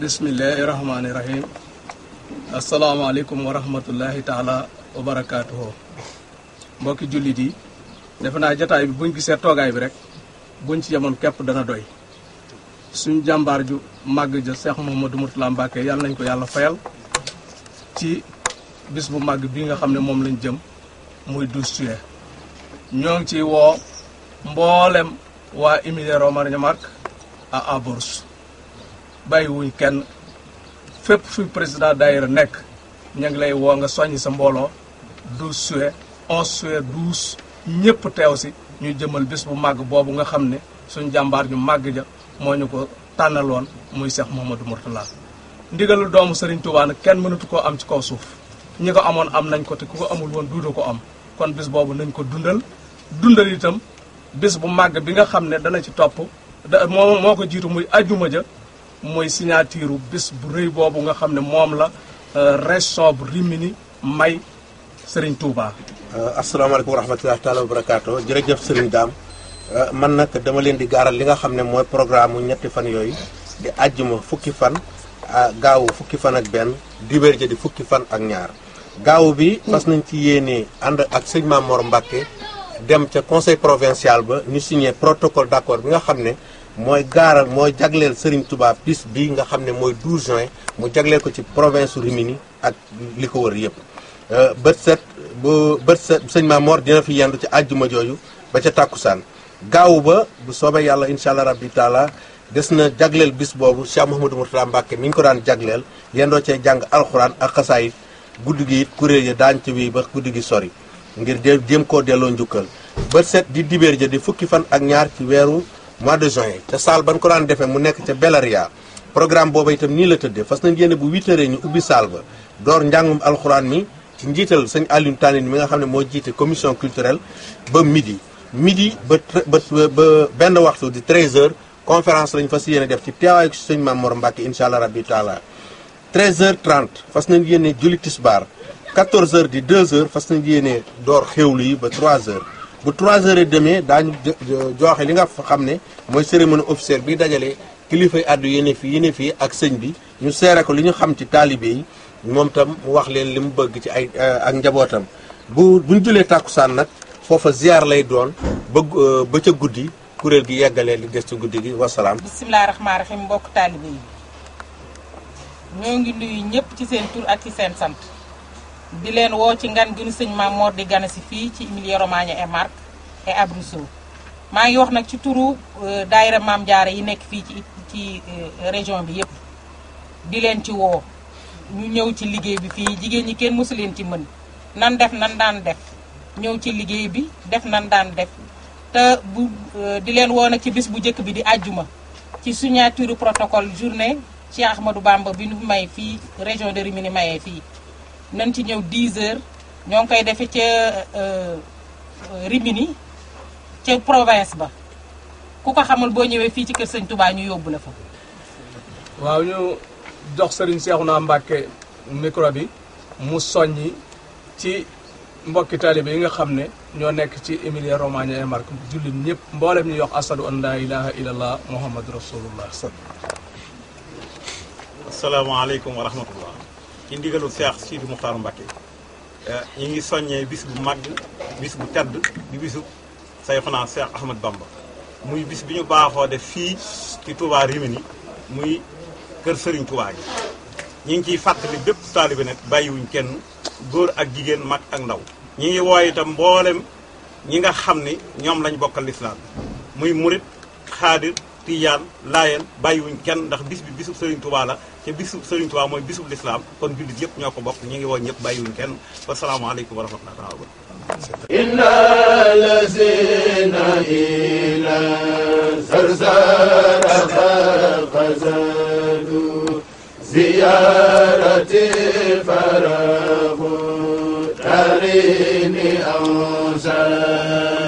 bismillahi rahmaani rahim asalaamaaleykum wa rahmatullahi taala wa barakaatuhu mbokki jullit yi defe naa jataay bi buñ gisee toogaay bi rek buñ ci yemoon képp dana doy suñ jàmbaar ju màgg ja Cheikh Mouhamadou Mourtala Mbacké yàlla nañ ko yàlla fayal ci bis bu màgg bi nga xam ne moom lañ jëm muy douze juillet ñoo ngi ciy woo mboolem waa Emilia Romagna Marche à Abruzzo bàyyiwuñ kenn fépp fi président daayira nekk ñu ngi lay woo nga soññ sa mbooloo douze suwe onze suwe douze ñëpp teew si ñu jëmal bis bu màgg boobu nga xam ne suñ jàmbaar ñu màgg ja moo ñu ko tànnaloon muy Cheikh Mouhamadou Mourtala ndigalu doomu sëriñ Touba nag kenn mënatu koo am ci kaw suuf ñi ko amoon am nañ ko te ku ko amul woon duuda ko am kon bis boobu nañ ko dundal dundal itam bis bu màgg bi nga xam ne dana ci topp da moo moo ko jiitu muy ajuma ja mooy signature bés bu rëy boobu nga xam ne moom la euh, région bu Rimini may sëriñ Serigne Touba. Euh, asalaamaaleykum wa rahmatulah taala wa barakaatu jërëjëf daam Dame euh, man nag dama leen di gaaral li nga xam ne mooy programme mu ñetti fan yooyu di àjjuma fukki fan gaawu fukki fan ak benn dibéer ja di fukki fan ak ñaar. gaaw bi fas nañ ci yéene ànd ak sëñ Mamor Mbacke dem ca conseil provincial ba ñu signé protocole d' accord bi nga xam ne. mooy gaaral mooy jagleel Serigne tubaab bis bi nga xam ne mooy 12 juin mu jagleel ko ci province Rimini ak li ko wër yëpp euh, bët set bu bët set sëñ Mamor dina fi yendu ci àjjuma jooju ba ca tàkkusaan gaawu ba bu soobee yàlla incha allah rabbi taala des na jagleel bis boobu Cheikh Mouhamadou Mourtada Mbacke mi ñu ko daan jagleel yendoo cee jàng alxuraan ak xasaayit guddi gi it kuréel ya daan ci wii ba guddi gi sori ngir jéem koo delloo njukkal bët set di fukki fan ak ñaar ci weeru mois de juin ca saal ban ko daan defee mu nekk ca Belaria programme booba itam nii la tëddee fas nañ yéene bu 8 heures ñu ubbi saal ba door njàngum alxuraan mi ci njiital sëñ Alioune Tall mi nga xam ne moo jiite commission culturelle ba midi midi ba ba ba benn waxtu di 13 heures conférence lañ fas yéene def ci teewaayu sëñ Maam Mor Mbacke incha allah rabbi taala 13 heures 30 fas nañ yéene julli tisbaar 14 heures di 2 heures fas nañ yéene door xéwlu yi ba 3 heures bu 3 heures et demie daañu jooxe li nga xam ne mooy cérémonie officielle bi dajale kilifa yi àddu yene fii yene fii ak sëñ bi ñu seere ko li ñu xam ci taalibe yi moom tam mu wax leen li mu bëgg ci ay euh, ak njabootam bu bu ñu julee tàkkusaan nag foofa ziar lay doon ba euh, ba ca guddi kuréel gi yeggalee li des ci guddi gi wasalaam. bisimilah rahmaani rahiim mbokk taalibe yi ñoo ngi nuyu ñëpp ci seen tur ak ci seen sant. di leen woo ci ngan gi nu sëñ Maam moor di gane si fii ci Emilia Romagna et Marche et Abruzzo maa ngi wax nag ci turu euh, daayira Maam Jaara yi nekk fii ci ci euh, région bi yëpp di leen ci woo ñu ñëw ci liggéey bi fii jigéen ñi kenn mosu leen ci mën nan def nan daan def ñëw ci liggéey bi def nan daan def te bu euh, di leen woo nag ci bis bu njëkk bi di àjjuma ci signature protocole journée ma du Bamba bi nu may fii région de Rimini mayee fii nañ ci ñëw 10 heures ñoo ngi koy defee ca euh, euh, Rimini ca province ba ku ko xamul boo ñëwee fii ci kër sëñ Touba ñu yóbbu la fa. waaw ñu jox Serigne Cheikhouna Mbacké micro bi mu soññi ci mbokki taalibe yi nga xam ne ñoo nekk ci Emilia Romagna et Marche jullit ñëpp mboolem ñu yox asadu an laa ilaha illallah muhammadu rasulullah asalaamaaleykum wa rahmatullah ci ndigalu Seex Sidi Muxtaar Mbàkke euh, ñi ngi soññee bis bu mag bis bu tedd di bisu Sayxuna Seex Ahmad Bamba muy bis bi ñu baaxoo def fii ci Touba Rimini muy kër Sëriñ Touba yi ñi ngi ciy fàttali bépp taalibe nag bàyyiwuñ kenn góor ak jigéen mag ak ndaw ñi ngi wooy itam mboolem ñi nga xam ni ñoom lañ bokkal lislaam muy murit xaadir tijaan laayeen bàyyiwuñ kenn ndax bis bi bisub Serigne Touba la te bisub Serigne Touba mooy bisub lislaam kon jullit yëpp ñoo ko bokk ñu ngi woo ñëpp bàyyiwuñ kenn wasalaamaaleykum wa rahmatullahi wa barakatuh inna lazina ila zarzara xazadu ziyarati farahu tarini awsar